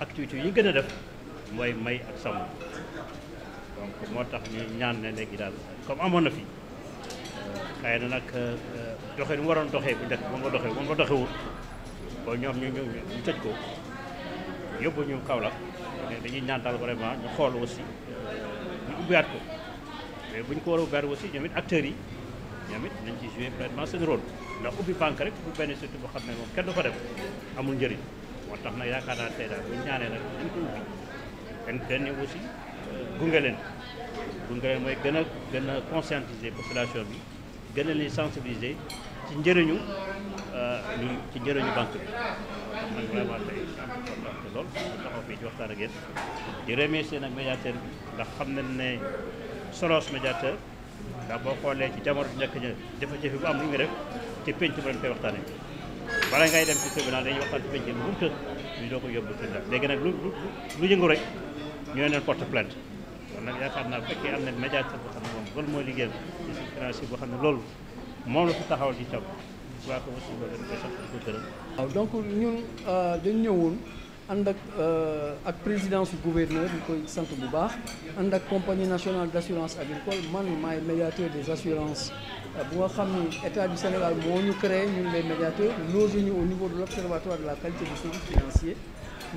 activités yi gën a def mooy may ak sàmm donc moo tax ñu ñaan ne léegi daal comme amoon na fii xëy na nag doxe euh, doxee mu waroon doxee bu njëkk moom nga doxee moom nga doxewul ba ñoom ñu ñu ñu tëj ko yóbbu ñu Kaolack mais dañuy ñaan daal vraiment ñu xool aussi euh, ñu ubbiwaat ko mais bu ñu ko war a ubbiwaat aussi ñoom it acteurs yi ñoom it nañ ci jouer pleinement seen rôle ndax ubbi banque rek bu benn surtout boo xam ne moom kenn du fa dem amul njëriñ moo tax nag yaakaar naa tey daal bu ñu ñaanee nag dañ ko ubbi dañ gën aussi gunge leen gunge leen mooy gën a gën a conscientiser population bi gën a leen sensibiliser ci njëriñu euh, ci njëriñu banque bi xam nag vraiment tey am kontaan lool taxaw fii ci waxtaan ak yéen di remercier nag médiateur ndax xam nañ ne solos médiateur ndax boo xoolee ci jamono njëkk ña jafe-jafe bu am lu ñu def ci pénc ba koy waxtaanee bala ngay dem ci tribunal dañuy waxtaan ci pénc bu tës ñu doo ko yóbbu tribunal léegi nag lu lu yëngu rek ñoo leen porte plainte kon nag yaakaar naa fekkee am na médiateur boo xam ne moom loolu mooy liggéeyam justice financier boo xam ne loolu moom la fi taxawal ci taw waaw donc ñun euh, dañ ñëwoon avec euh, la présidence du gouverneur du koy la compagnie nationale d'assurance agricole man médiateur des assurances euh, Nous avons du Sénégal médiateurs au niveau de l'Observatoire de la qualité du service financiers.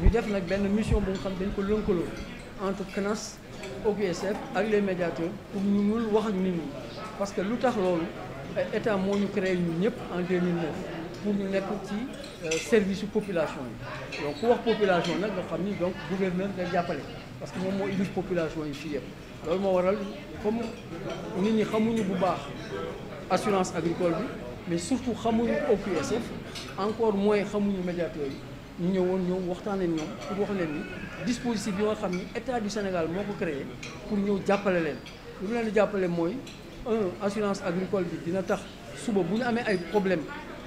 Nous avons fait une mission bu entre CNAS OGSF et les médiateurs pour nous. nous wax parce que nous euh, avons créé en 2009 pour un petit euh, service population populations. donc pour wax population nag nga xam ni donc gouvernement nga jàppale parce que moom moo indi population yi fii yëpp loolu moo waral comme nit ñi xamuñu bu baax assurance agricole bi mais surtout xamuñu OQSF encore moins xamuñu médiateur yi ñu ñëwoon ñoom waxtaan ak pour wax leen dispositif yi nga état du Sénégal moo ko créé pour nous jàppale leen lu mu leen di un assurance agricole bi dina tax suba ay problème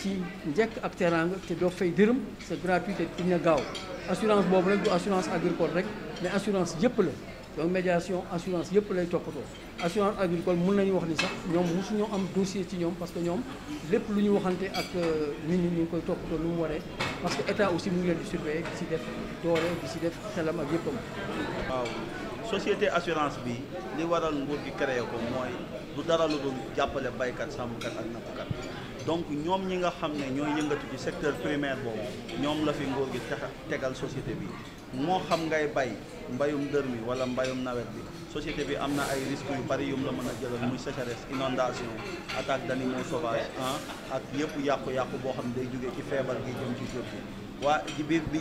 ci njëkk ak teraanga te doo fay dërëm c'est gratuit et dina assurance bobu rek du assurance agricole rek mais assurance yëpp la donc médiation assurance yëpp lay toppatoo assurance agricole mën nañu wax ni sax ñoom mosuñoo am dossier ci ñom parce que ñom lepp lu ñu waxante ak euh, nit ñi ñu ngi koy toppatoo lu mu waree parce que état aussi mu ngi leen di surveiller ci def doore di si def xelam ak yëppam. waaw société assurance bi li waral nguur gi créé ko mooy du dara lu dul jàppale baykat sàmmkat ak nappkat. donc ñoom ñi nga xam ne ñooy yëngatu ci secteur primaire boobu ñoom la fi nguur gi tegal société bi moo xam ngay bay mbayum dër mi wala mbayum nawet bi société bi am na ay risques yu bari yum la mën a jëlal muy sécheresse inondation attaque d'animaux sauvages ah ak yëpp yàqu-yàqu boo xam ne day jógee ci feebar gi jëm ci jur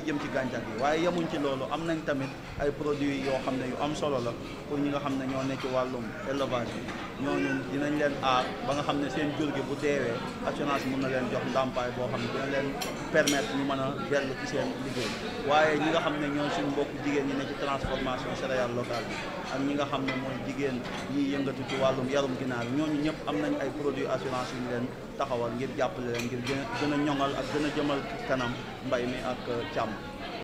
gi gàncax gi waaye yemuñ ci loolu am nañ tamit ay produits yoo xam ne yu am solo la pour ñi nga xam ne ñoo nekk ci wàllum élevage bi ñooñu dinañ leen aar ba nga xam ne seen jur bu deewee assurance mun na leen jox ndàmpaay boo xam ne dina leen permettre ñu mën a dellu ci seen suñ mbokk jigéen ñi ne ci transformation céréale locale ak ñi nga xam ne mooy jigéen ñiy yëngatu ci wàllum yarum ginaar ñooñu ñëpp am nañ ay produits assurance yu leen taxawal ngir jàppale leen ngir gën a ñoŋal ak gën a jëmal kanam mbay mi ak càmm